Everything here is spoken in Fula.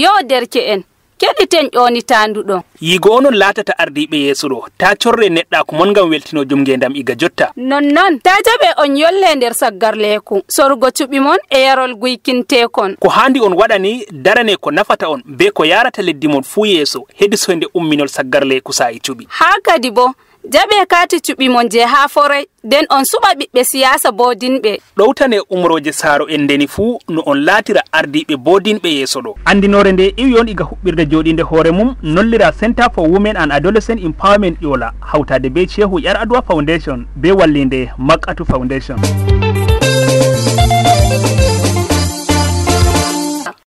yo derke'en keɗiten ƴonitanduɗon yigo onon latata ardiɓe yeeso ta corre neɗɗa ko mon gam weltinojum ngendam iga jotta nonnon ta jaɓe on yolle nder saggarleku sorugo cuɓi mon e yarol guykintekon ko handi on waɗani darane ko nafata on be ko yarata leddi mon fuu yeeso hedi soyde umminol saggarleku sa'i cuɓi ha kadi bo jaɓe kati cuɓi mon je ha foray nden on suɓa ɓiɓɓe siyasa bodinɓe ɗowtane umroje saaro en ndeni fuu no on laatira ardiɓe bodinɓe yeeso ɗo andinore nde iwi on iga huɓɓirde joɗinde hoore mum nollira center for women and adolescent empowerment ƴoola hawtade be ceehu yar adowa foundation be wallinde makatu foundation